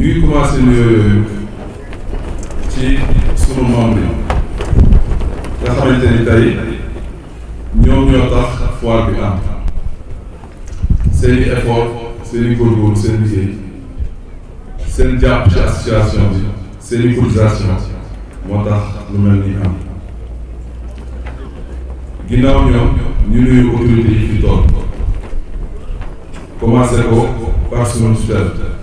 ñu ngi commencé nuyoo ci sunu membre yi nga xamante ni tey ñoom ñoo tax foire bi am seeni effort seeni góorgóorlu seen liggéey seen jàpp ci association bi seeni cotisation moo tax lu mel ni am ginnaaw ñoom ñu nuyu autorités yi fi toog commencé ko par sunu tutelle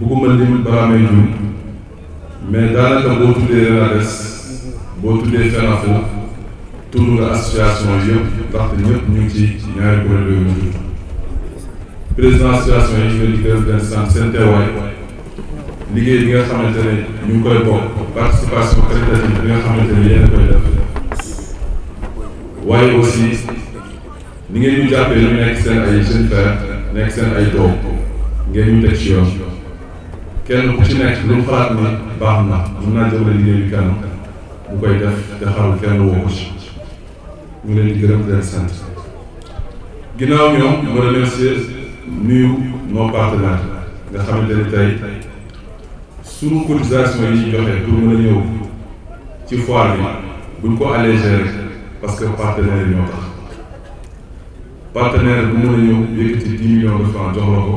bugguma lim balaa may juum mais daanaka boo tuddee Renades boo tuddee FENAFO tudd nga association yëpp ndaxte ñëpp ñu ngi ci ñaari kuréel yooyu mu tudd président association yi nga di gërëm leen sant seen teewaay liggéey bi nga xamante ne ñu ngi koy bokk participation caritative bi nga xamante ne yéen koy def waaye aussi ni ngeen ñu jàppee ñu nekk seen ay jeunes frères nekk seen ay doom ngeen ñu teg ci yoon kenn ku ci nekk lu mu xalaat ni baax na mën naa jëmale liggéey bi kanam bu koy def te xarul kenn woo ko ci ñu leen di gërëm di leen sant ginnaaw ñoom ma remercier nuyu nos partenaires nga xamante ni tey suñu cotisation yi ñu joxe pour mën a ñëw ci foire bi buñ ko allégé rek parce que partenaires yi ñoo tax partenaire bu mën a ñëw yëkkati dix millions de francs jox la ko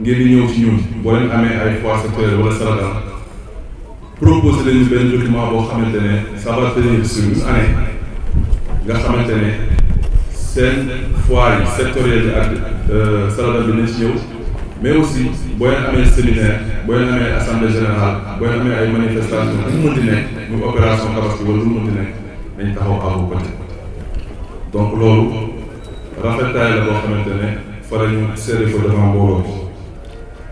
ngeen di ñëw ci ñun boo leen amee ay fois sectoriel wala sargal proposé lañu benn document boo xamante ne ça va tenir sur une année nga xamante ne seen foire yi sectoriel bi ak euh, sargal bi nañ ci ñëw mais aussi boo leen amee séminaire boo leen amee assemblée générale boo leen amee ay manifestation bu mu mënti nekk muy opération tabaski wala lu mu mënti nekk dañ taxaw à vos côtés donc loolu rafetaay la boo xamante ne fa la ñu serré ko devant mbooloo bi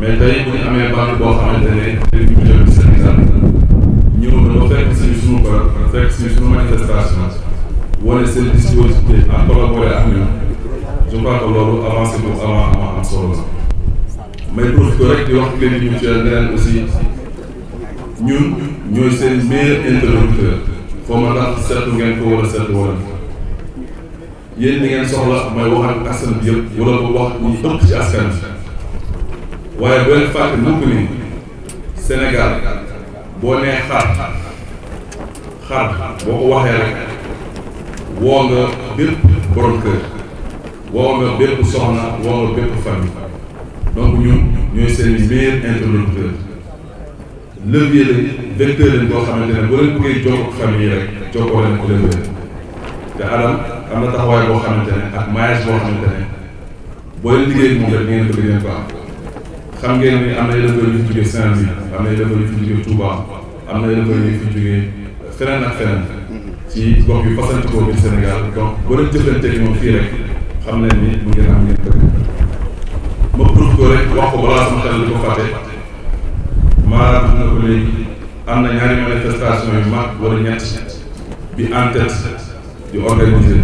mais tey bu ñu amee banque boo xamante ne dañuy mujjee bu Sénégal ñëw na ba fekk si suñu kër fekk si suñu manifestation wane seen disponibilité en collaborer ak ñun je crois que loolu avancé boobu avant avant am solo la may profité rek di wax crédit mutuel leneen aussi ñun ñooy seen meilleur interlocuteur foo ma tax seetlu ngeen ko wala seetlu wala yéen ni ngeen soxla may wax ak askan bi yëpp wala ba wax ñu ëpp ci askan bi. waaye bu leen fàtte mukk ni Sénégal boo nee xar xar boo ko waxee rek woo nga bépp borom kër woo nga bépp soxna woo nga bépp famille donc ñun ñooy seen meilleur interlocuteur levier la vecteur lañ boo xamante ne bu leen bëggee jokkoo famille rek jokkoo leen ko levier te Adam am na taxawaay boo xamante ne ak maillage boo xamante ne boo leen liggéey moom rek ngeen bëgg ngeen ko am xam ngeen ni am na éleveurs yu fi jógee saint am na éleveurs yu fi jógee Touba am na éleveurs yu fi jógee feneen ak feneen ci gox yu fasantikoo biir Sénégal donc boo leen jëflanteeg moom fii rek xam nañ ni mu ngeen am ngeen bëgg ma profité rek wax ko balaa sama xel li ko fàtte maanaam dina ko léegi am na ñaari manifestation yu mag wala ñett bi en tête di organiser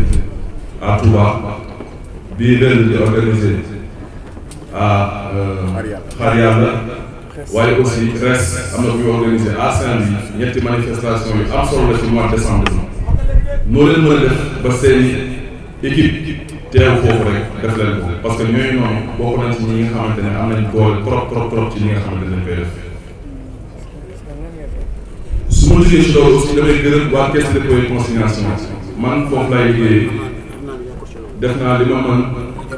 à Touba bii benn di organiser à Xar Yàlla waaye aussi res am na bu ñu organisé à Saint-Louis ñetti manifestation yu am solo la ci mois de décembre bi noo leen mën a def ba seen équipe teew foofu rek def leen ko parce que ñooñu noonu bokk nañ ci ñi nga xamante ne am nañ doole trop trop trop ci ñi nga xamante ne dañ koy def su ma liggéey ci loolu aussi damay gërëm waa caisse de dépôt et consignation man foofu laay liggéey def naa li ma mën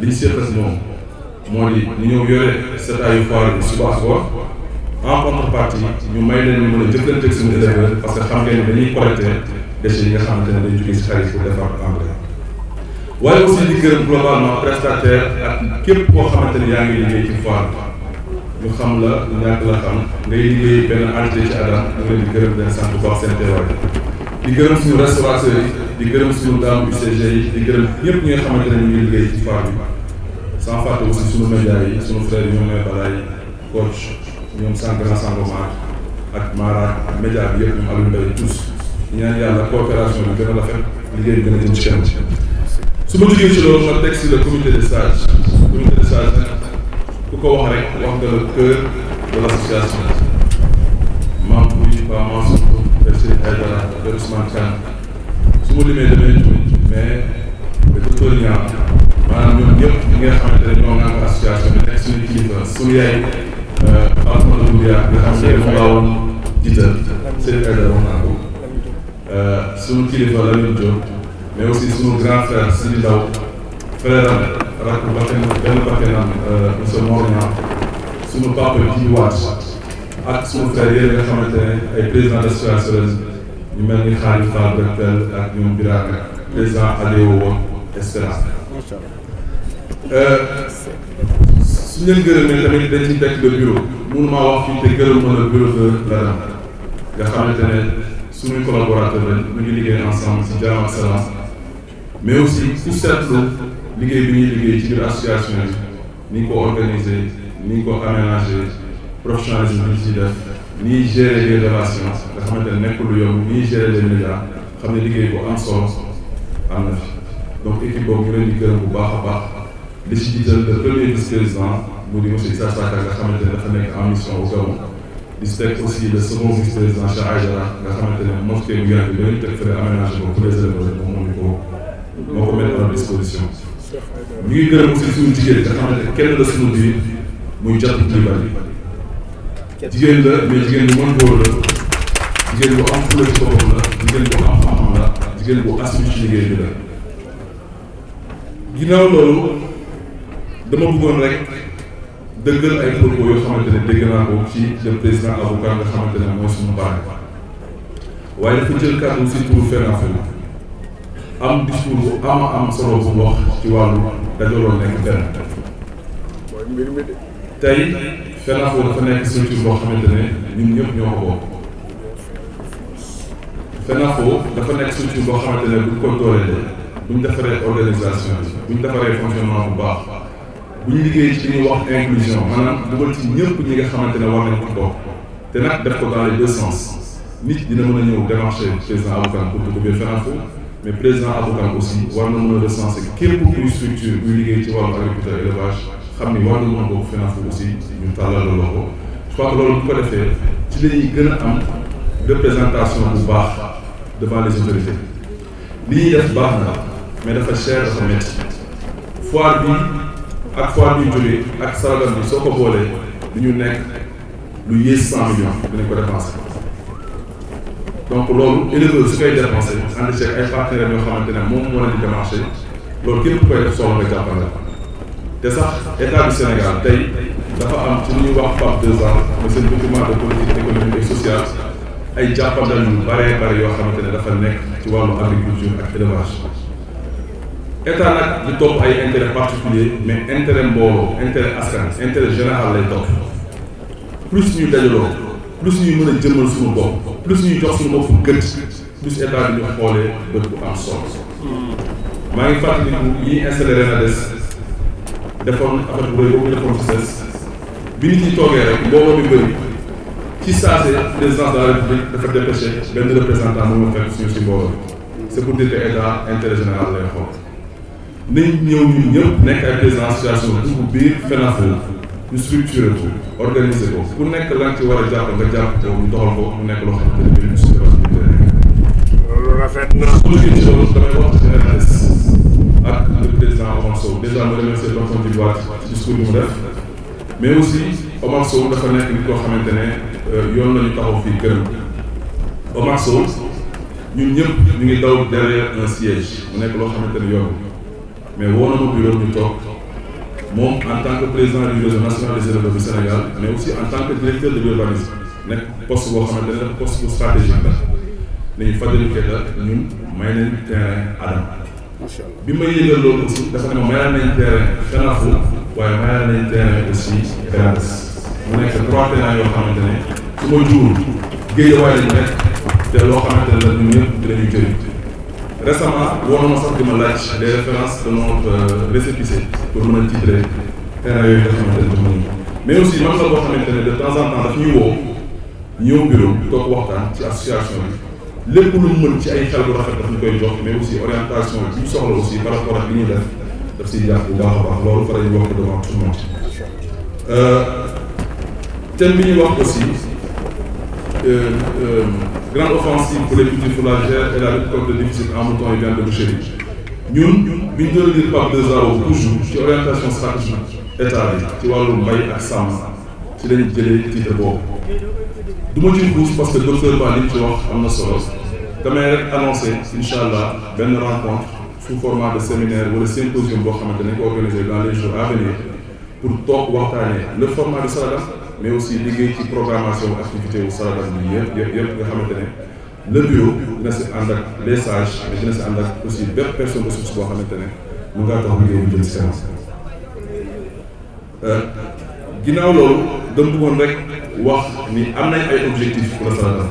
li ñu seqal si moom moo di ñu ñëw yore setaayu foire bi suba ak ngoon en contrepartie ñu may leen ñu mën a jëflanteeg suñu éleveur parce que xam ngeen ne dañuy collecté déchets yi nga xamante ne dañ jógee si xarit pour defar engrais waaye aussi di gërëm globalement prestataire ak képp koo xamante ne yaa ngi liggéey ci foire bi ñu xam la ñàkk la xam ngay liggéey benn entité ci adam ñu leen di gërëm leen sant bu baax seen teewaay di gërëm suñu restaurateurs yi di gërëm suñu daamu UCG yi di gërëm ñëpp ñi nga xamante ne ñu ngi liggéey ci faar bi sans fàtte aussi suñu média yi suñu frère yi ñoom ñooy balaay coach ñoom centre rassemblement ak Mara ak média bi yëpp ñoom Aliou Mbaye tous ñaan yàlla coopération bi gën a rafet liggéey bi gën a jëm ci kanam su ma jógee ci loolu ma teg de stage comité de stage nag ku ko wax rek wax de l' association membre yi ba kër Serigne Aïdara kër Ousmane Thiam su ma limee damay tuuti mais ba docteur Niang maanaam ñoom ñëpp ñi nga xamante ne ñoo naan association bi nekk suñu kilifa suñu yaay Fatma euh, Doumbia nga xam ne dafa laawoon jiital Serigne Aïdara wax naa ko euh, suñu kilifa la ñu jóg mais aussi suñu grand frère Sidi Ndaw frère am rakk bakkenam benn bakkenam monsieur Mor Niang suñu papa ji waat ak suñu frère yi nga xamante ne ay président d'association ñu mel ni Xaalif Fall Bektel ak ñoom Birame président Aliou Wa et cetera. suñ leen gërëmee tamit dañ ci dekk le bureau mënumaa wax fii te gërëm ma le bureau de l'ADAM nga xamante ne suñuy collaborateur lañ ñu ngi liggéey ensemble ci jàmm ak salaam mais aussi ku seetlu liggéey bi ñuy liggéey ci biir association yi ni ñu ko organisé ni ñu ko aménagé. professionnalisme bi ci def nii gérer les relations nga xamante ne nekkul lu yomb nii gérer les médias xam ne liggéey bu am solo am na fi donc équipe boobu ñu leen di gërëm bu baax a baax li ci jiital le premier vice président mu di monsieur Issa Saka nga xamante ne dafa nekk en mission au Gabon di si teg aussi le second vice président Cheikh Aïdara nga xamante ne mosquée bu yàgg bi dañu teg frais aménagé ko pour les élèves moom moo ñu ko moo ko mettre en disposition ñu ngi gërëm aussi suñu jigéen nga xamante ne kenn la suñu biir muy jàpp ci bari jigéen la mais jigéen bu mën góor la jigéen bu am fulla ci la jigéen bu am xam la jigéen bu assu ci liggéey bi la ginnaaw loolu dama bëggoon rek dëggal ay propos yoo xamante ne dégg naa ko ci le président avocat nga xamante ne mooy suñu baay waaye dafa jël kàddu si pour faire affaire am discours bu am solo bu wax ci wàllu dajaloo nekk benn tey Fenaafo dafa nekk structure boo xamante ne ñun ñëpp ñoo ko bokk Fenaafo dafa nekk structure boo xamante ne buñ ko doolee buñ defaree organisation bi buñ defaree fonctionnement bu baax buñ liggéey ci ñuy wax inclusion maanaam dugal ci ñëpp ñi nga xamante ne war nañ ko bokk te nag def ko dans les deux sens nit dina mën a ñëw démarché président avocat pour dugg biir Fenaafo mais président avocat aussi war na mën a recenser képp kuy structure buy liggéey ci wàllu agriculture élevage xam ni wàllu monde boobu finance bi aussi ñu tàllal la loxo je crois que loolu bu ko defee ci la ñuy gën a am représentation bu baax devant les autorités li ñuy def baax na mais dafa cher dafa métti foire bi ak foire bi jógee ak sargal bi soo ko boolee du ñu nekk lu yées cent millions dinañ ko dépensé donc loolu éleveur su koy dépensé ànd ceeg ay partenaires yoo xamante ne moom moo leen di démarché loolu képp koy def soxla nga jàppale te sax état du Sénégal tey dafa am ci lu ñuy wax PAP 2 ans mais seen document de politique économique et sociale ay jàppandal yu bare bare yoo xamante ne dafa nekk ci wàllu agriculture ak élevage état nag du top ay intérêt particulier mais intérêt mbooloo intérêt askan intérêt général lay topp plus ñuy dajaloo plus ñuy mën a jëmmal suñu bopp plus ñuy jox suñu bopp gën plus état bi ñu xoolee bët bu am solo hmm. maa ngi fàttaliku ñuy installé Renades defoon a bu rëy boobu defoon ci CES bi nit ñi toogee rek mbooloo mi bëri ci saase présidence de la république dafa dépêché benn représentant moom la fekk suñu si mbooloo c'est pour dire que état intérêt général lay xool nañ ñëw ñun ñëpp nekk ay président association dugg biir FENAFO ñu structuré ko organisé ko ku nekk lan ci war a jàpp nga jàpp ko ñu doxal ko mu nekk loo xamante ne bii ñu suñu loolu rafet na. su ma gis loolu damay wax ak le président Omar Sow déjà ma remercier Tonton Djiby du ci discours bi mu mais aussi Omar Sow dafa nekk nit koo xamante ne euh, yoon la ñu taxaw fii gërëm Omar Sow ñun ñëpp ñu ngi daw derrière un siège On est loo xamante mais woo na ma bureau ñu top. moom en tant que président du réseau national des éleveurs du Sénégal mais aussi en tant que directeur de l'urbanisme nekk poste boo xamante ne poste bu stratégique la nañu fàttali que ñun may leen terrain Adam. bi ma yëgal loolu aussi dafa ne ma mayal nañ terrain Kanafu waaye mayal nañ terrain aussi Garabes mu nekk trois terrains yoo xamante ne su ma juul géejawaay lañ nekk te loo xamante ne la ñun ñëpp dinañu jëriñ récemment woo na ma sax di ma laaj les références de notre récépissé pour mën a titrer terrain yooyu nga xamante ne moom mais aussi man la boo xamante ne de temps en temps daf ñuy woo ñëw bureau toog waxtaan ci association bi. lépp lu mën ci ay xel bu rafet mais aussi orientation bi aussi par rapport à li def daf bu baax a baax loolu fa devant tout le monde euh, aussi euh, euh, grande offensive pour les petits et la lutte contre le déficit en mouton et bien de boucherie ñun bi ñu doon dire par toujours ci orientation stratégique état ci wàllu mbay ak sàmm ci lañ jëlee titre boobu du ma ci parce que docteur Ba li ci wax am damay rek annoncé inshallah allah benn rencontre sous format de séminaire wala symposium boo xamante nañ ko organisé dans les jours à venir pour toog waxtaanee le format de Saladam mais aussi liggéey ci programmation activité wu Saladam bi yëpp yëpp yëpp nga xamante ne le bureau dina si ànd ak les sages mais dina si ànd ak aussi bépp personne ressource boo xamante ne mu ngaa tax liggéey bu jëm si kanam euh, ginnaaw loolu dama bëggoon rek wax ni am nañ ay objectifs pour le Saladam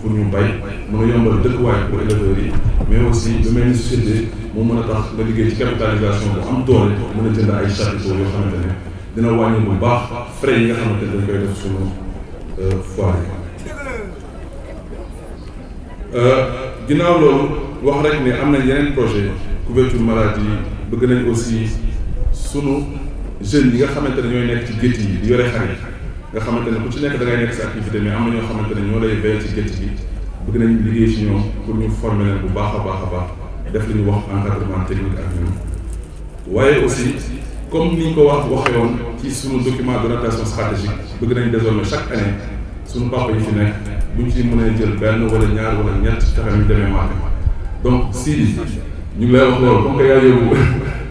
pour ñu bay mën a yombal dëkkuwaay pour éleveurs yi mais aussi lu mel ni société moo mën a tax nga liggéey ci capitalisation bu am doole mën a jënd ay chapiteaux yoo xamante ne dina wàññi bu baax frais yi nga xamante ne dañ koy def suñu euh, foire yi euh, ginnaaw loolu wax rek ne am na yeneen projet couverture maladie bëgg nañ aussi sunu jeunes yi nga xamante ne ñooy nekk ci gétt yi di nga xamante ne ku ci nekk da ngay nekk sa activité mais am na ñoo xamante ne ñoo lay veillé ci gétt bi bëgg nañ liggéey ci ñoom pour ñu former leen bu baax a baax a baax def li ñu wax encadrement technique ak ñoom waaye aussi comme ni ko wax waxee woon ci suñu document de notation stratégique bëgg nañ désormais chaque année suñu papa yi fi nekk bu ci mënee jël benn wala ñaar wala ñett fexe ñu demee marqué donc si ñu ngi lay wax loolu comme que yaa yóbbu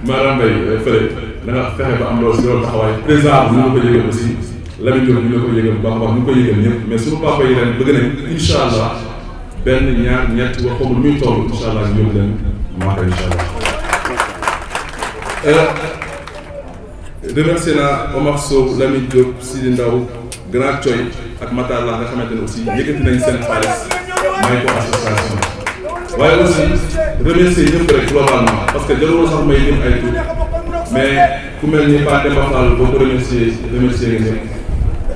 maanaam mbay fële da nga fexe ba am loolu si loolu taxawaay président bu ñu ko jógee aussi Lamine Diop ñu la ko yëgal bu baax a ko yëgal ñëpp papa yi ren bëgg nañ incha allah benn ñaar ñett wax ko lu muy toll incha allah ñu yóbbu leen Maka incha allah. Euh, remercié naa Omar Sow Lamine Diop Sidi Grand Coy ak Matar la nga xamante ne aussi yëkkati nañ seen xaalis may ko association waaye aussi remercier ñëpp rek globalement parce que jarul sax may lim ay tur mais ku mel ni Pape Demba Fall boo ko remercier remercier nga ñëpp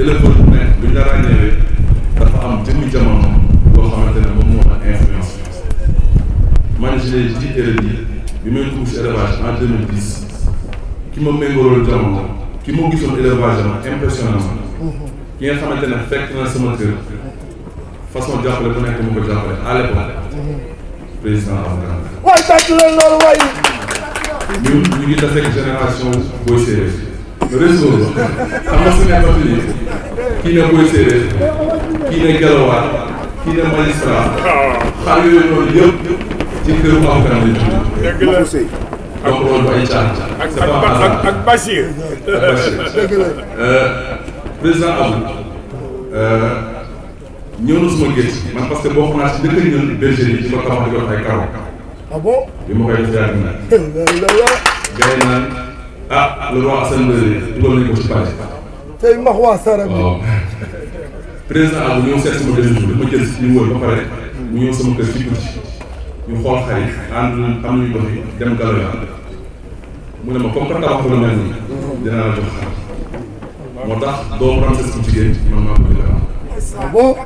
élève bu ne bu ñu la ràññeewee dafa am jëmmi jamono boo xamante ne moom moo la influence man je l'ai dit RNI bi may dugg si élevage en 2010 ki ma méngalool jamono ki ma gisoon élevage ma impressionné ma ki nga xamante ne fekk na sama kër façon jàppale bu nekk mu ko jàppale à l'époque président Abdoulaye. waay tàcc leen loolu waay. ñun ñu ngi taseeg génération booy séeréer. resumo, Ammasını yapabilir. Yine bu eseri. Yine Galavar. Yine Magistrat. Xale yooyu noonu yëpp ci këru Afghan lañ tudd. dëgg la donc loolu ay caan ak ak ak Bachir. dëgg la président Abdou. ñëw na suma gétt man parce que boo xam naa si dëkk ñun bergerie ci ma taxaw di wax ay karo. ah bon bi ma koy def yaatu naa. gars a loolu wax Assane Mbese dugal nañu ko ci pàcc. tey max waa Sara bi waaw président am ñëw seet sama benn jour ma jël si mu ñëw sama kër ci guddi ñu xool xar yi ànd am nañu mu ne ma comme que tabax bu mel nii dinaa la jox xar moo tax doomu Ramsès bu jigéen man maa ko jël ah bon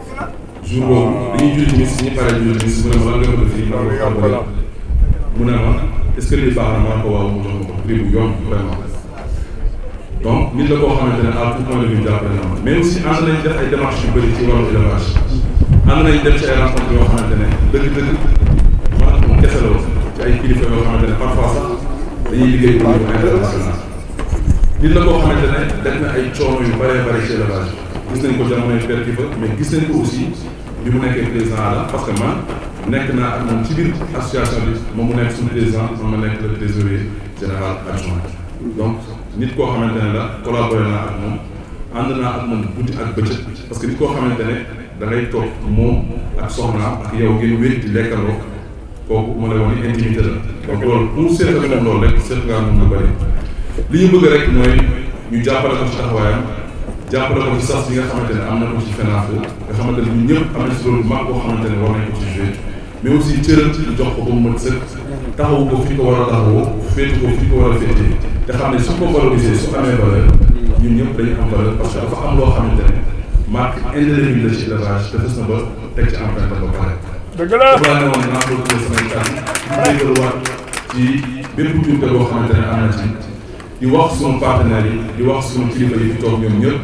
jour boobu dañuy julli timis ñu paree julli mu ne ma lan nga ko def fii mu ne ma est-ce que lii baax na maa ko waaw mu jox ko prix bu yomb vraiment donc nit la koo xamante ne à tout point de vue jàppale na ma mais aussi ànd nañ def ay démarches yu bëri ci wàllu élevage ànd nañ dem ci ay rencontres yoo xamante ne dëgg-dëgg maanaam moom kese la woon ci ay kilifa yoo xamante ne parfois sax dañuy liggéey au niveau international nit la koo xamante ne def na ay coono yu bëree bëri ci élevage gis nañ ko jamonoy perte ba mais gis nañ ko aussi bi mu nekkee président la parce que man nekk naa ak moom ci biir association bi moom mu nekk suñu président moom ma nekk le trésorier général adjoint donc nit koo xamante ne la collaboré na ak moom ànd naa ak moom guddi ak bëccëg parce que nit koo xamante ne da ngay toog moom ak soxnaam ak yow ngeen wéet di lekkandoo kooku ma lay wax ni intimité la donc loolu pour seet ak moom loolu rek seet ngaa moom lu bëri li ñu bëgg rek mooy ñu jàppale jàppale ko ci sas bi nga xamante ne am na ko ci FENAF nga xamante ne ñëpp am na ci loolu mag boo xamante ne war nañ ko ci joué mais aussi cëral ci jox ko ba mu mën sëkk taxawu ko fi ko war a taxawoo féete ko fi ko war a féete te xam ne su ko valorisé su amee valeur ñun ñëpp dañu am valeur parce que dafa am loo xamante ne marque indélébile la ci élevage te fës na ba teg ci empreinte ba pare. dëgg la dafa ne naa ko tuddee samay kàddu di dégluwaat ci bépp jumte boo xamante ne am na ci. di wax sunu partenaires yi di wax sunu kilifa yi fi toog ñoom ñëpp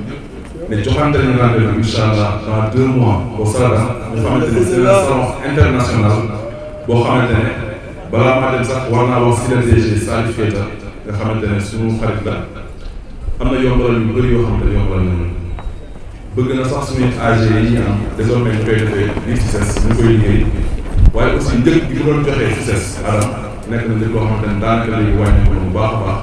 ne joxante nañu rendez-vous incha allah dans deux mois au Saladam nga xamante ne c'est un salon international boo xamante ne balaa maa dem sax war naa wax si le DG Salif Keita nga xamante ne sunu xarit la am na yombalal yu bëri yoo xamante ne yombalal nañu bëgg na sax suñu AG yi ñu am désormais ñu koy defee biir CICES ñu koy liggéey waaye aussi njëkk bi ñu doon joxee CICES adam nekk na njëkk loo xamante ne daanaka léegi wàññi ko bu baax a baax.